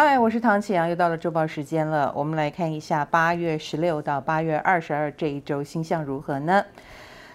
嗨，Hi，我是唐啟陽，又到了週報時間了。我們來看一下八月十六到八月二十二這一周星象如何呢？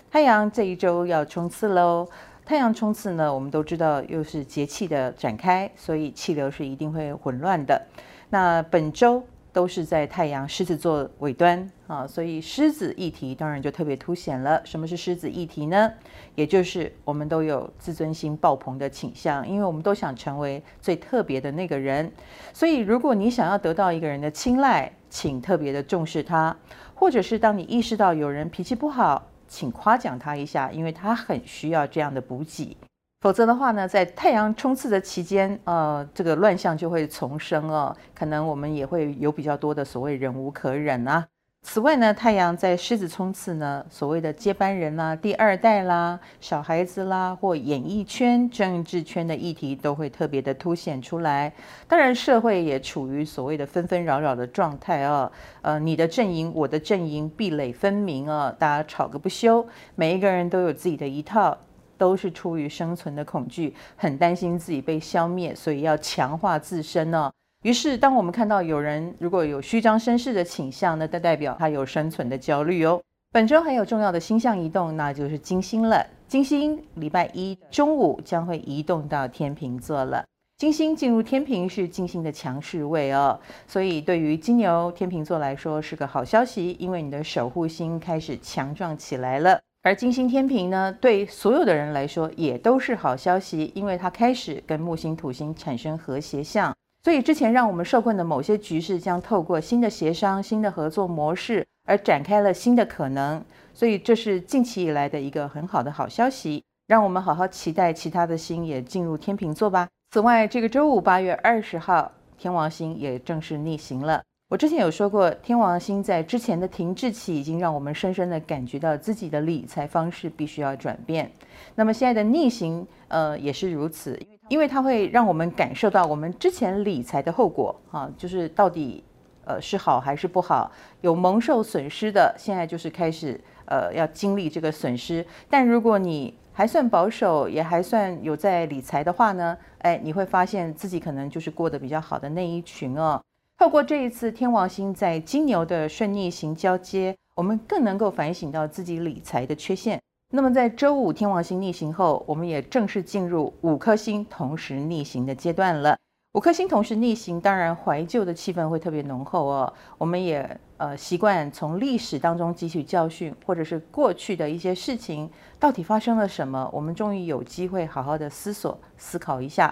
太陽這一周要衝刺嘍。太陽衝刺呢，我們都知道又是節氣的展開，所以氣流是一定會混亂的。那本週。都是在太陽獅子座尾端啊，所以獅子議題當然就特別凸顯了。什麼是獅子議題呢？也就是我們都有自尊心爆棚的傾向，因為我們都想成為最特別的那個人。所以，如果你想要得到一個人的青睞，請特別的重視他；或者是當你意識到有人脾氣不好，請誇獎他一下，因為他很需要這樣的補給。否則的話呢，在太陽衝刺的期間，呃，這個亂象就會重生哦，可能我們也會有比較多的所謂忍無可忍啊。此外呢，太陽在獅子衝刺呢，所謂的接班人啦、啊、第二代啦、小孩子啦，或演藝圈、政治圈的議題都會特別的凸顯出來。當然，社會也處於所謂的紛紛擾擾的狀態啊，呃，你的陣營，我的陣營，壁壘分明啊，大家吵個不休，每一個人都有自己的一套。都是出於生存的恐懼，很擔心自己被消滅，所以要強化自身哦。於是，當我們看到有人如果有虛張聲勢的傾向，那代表他有生存的焦慮哦。本周還有重要的星象移動，那就是金星了。金星禮拜一中午將會移動到天平座了。金星進入天秤是金星的強勢位哦，所以對於金牛、天秤座來說是個好消息，因為你的守護星開始強壯起來了。而金星天秤呢，對所有的人來說也都是好消息，因為它開始跟木星、土星產生和諧相，所以之前讓我們受困的某些局勢，將透過新的協商、新的合作模式而展開了新的可能。所以這是近期以來的一個很好的好消息，讓我們好好期待其他的星也進入天秤座吧。此外，這個周五八月二十號，天王星也正式逆行了。我之前有說過，天王星在之前的停滯期已經讓我們深深地感覺到自己的理財方式必須要轉變。那麼現在的逆行，呃也是如此，因為它會讓我們感受到我們之前理財的後果哈、啊，就是到底呃是好還是不好，有蒙受損失的。現在就是開始呃要經歷這個損失。但如果你還算保守，也還算有在理財的話呢，誒、哎，你會發現自己可能就是過得比較好的那一群哦。透過這一次天王星在金牛的順逆行交接，我們更能夠反省到自己理財的缺陷。那麼在周五天王星逆行後，我們也正式進入五顆星同時逆行的階段了。五顆星同時逆行，當然懷舊的氣氛會特別濃厚哦。我們也呃習慣從歷史當中汲取教訓，或者是過去的一些事情到底發生了什麼，我們終於有機會好好的思索思考一下。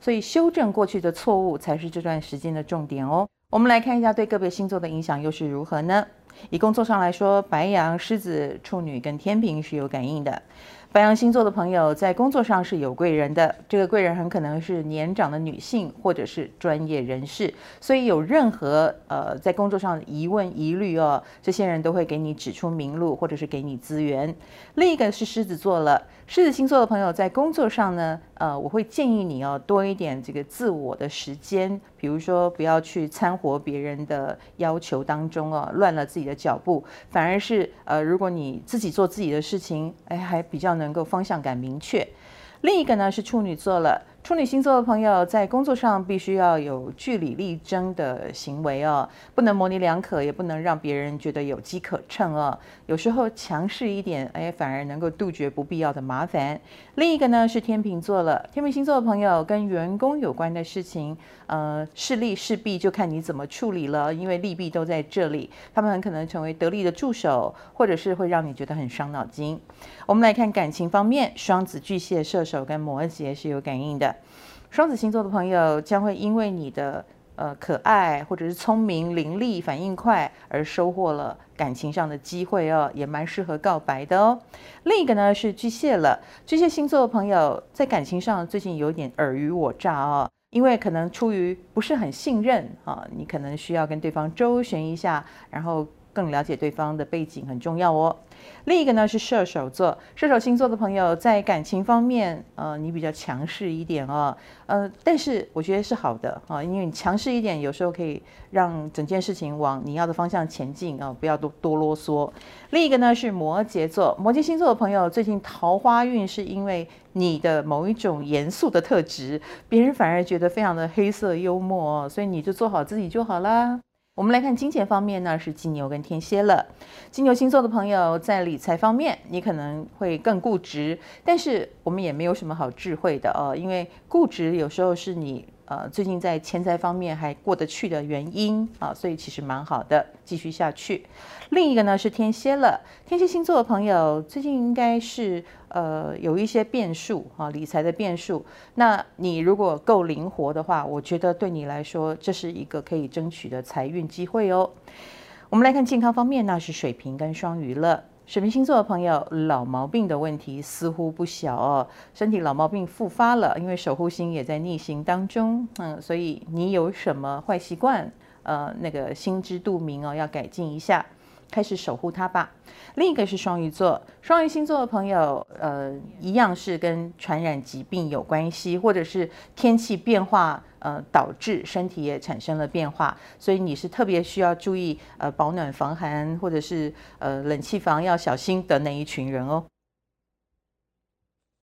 所以修正過去的錯誤才是這段時間的重點哦。我們來看一下對個別星座的影響又是如何呢？以工作上來說，白羊、獅子、處女跟天秤是有感應的。白羊星座的朋友在工作上是有貴人的，這個貴人很可能是年長的女性或者是專業人士，所以有任何呃在工作上的疑問疑慮哦，這些人都會給你指出明路或者是給你資源。另一個是獅子座了，獅子星座的朋友在工作上呢，呃，我會建議你哦，多一點這個自我的時間，比如說不要去摻和別人的要求當中哦，亂了自己的腳步，反而是呃，如果你自己做自己的事情，哎，還比較。能夠方向感明確，另一個呢，是處女座了。處女星座的朋友在工作上必須要有據理力爭的行為哦，不能模棱兩可，也不能讓別人覺得有機可乘哦。有時候強勢一點，哎，反而能夠杜絕不必要的麻煩。另一個呢是天秤座了，天秤星座的朋友跟員工有關的事情，呃，是利是弊就看你怎麼處理了，因為利弊都在這裡，他們很可能成為得力的助手，或者是會讓你覺得很傷腦筋。我們來看感情方面，雙子、巨蟹、射手跟摩羯是有感應的。雙子星座的朋友將會因為你的呃可愛或者是聰明伶俐、反應快而收穫了感情上的機會哦，也蠻適合告白的哦。另一個呢是巨蟹了，巨蟹星座的朋友在感情上最近有點爾虞我詐哦，因為可能出於不是很信任啊，你可能需要跟對方周旋一下，然後。更了解對方的背景很重要哦。另一個呢是射手座，射手星座的朋友在感情方面，呃，你比較強勢一點哦，呃，但是我覺得是好的啊、哦，因為你強勢一點，有時候可以讓整件事情往你要的方向前進啊、哦，不要多多囉嗦。另一個呢是摩羯座，摩羯星座的朋友最近桃花運是因為你的某一種嚴肅的特質，別人反而覺得非常的黑色幽默、哦，所以你就做好自己就好啦。我們來看金錢方面呢，是金牛跟天蠍了。金牛星座的朋友在理財方面，你可能會更固執，但是我們也沒有什麼好智慧的哦，因為固執有時候是你。呃，最近在錢財方面還過得去的原因啊，所以其實蠻好的，繼續下去。另一個呢是天蠍了，天蠍星座的朋友最近應該是呃有一些變數啊，理財的變數。那你如果夠靈活的話，我覺得對你來說這是一個可以爭取的財運機會哦。我們來看健康方面，那是水瓶跟雙魚了。水瓶星座的朋友，老毛病的問題似乎不小哦，身體老毛病復發了，因為守護星也在逆行當中。嗯，所以你有什麼壞習慣？呃，那個心知肚明哦，要改進一下。開始守護他吧。另一個是雙魚座，雙魚星座的朋友，呃，一樣是跟傳染疾病有關係，或者是天氣變化，呃，導致身體也產生了變化，所以你是特別需要注意，呃，保暖防寒，或者是呃，冷氣房要小心的那一群人哦。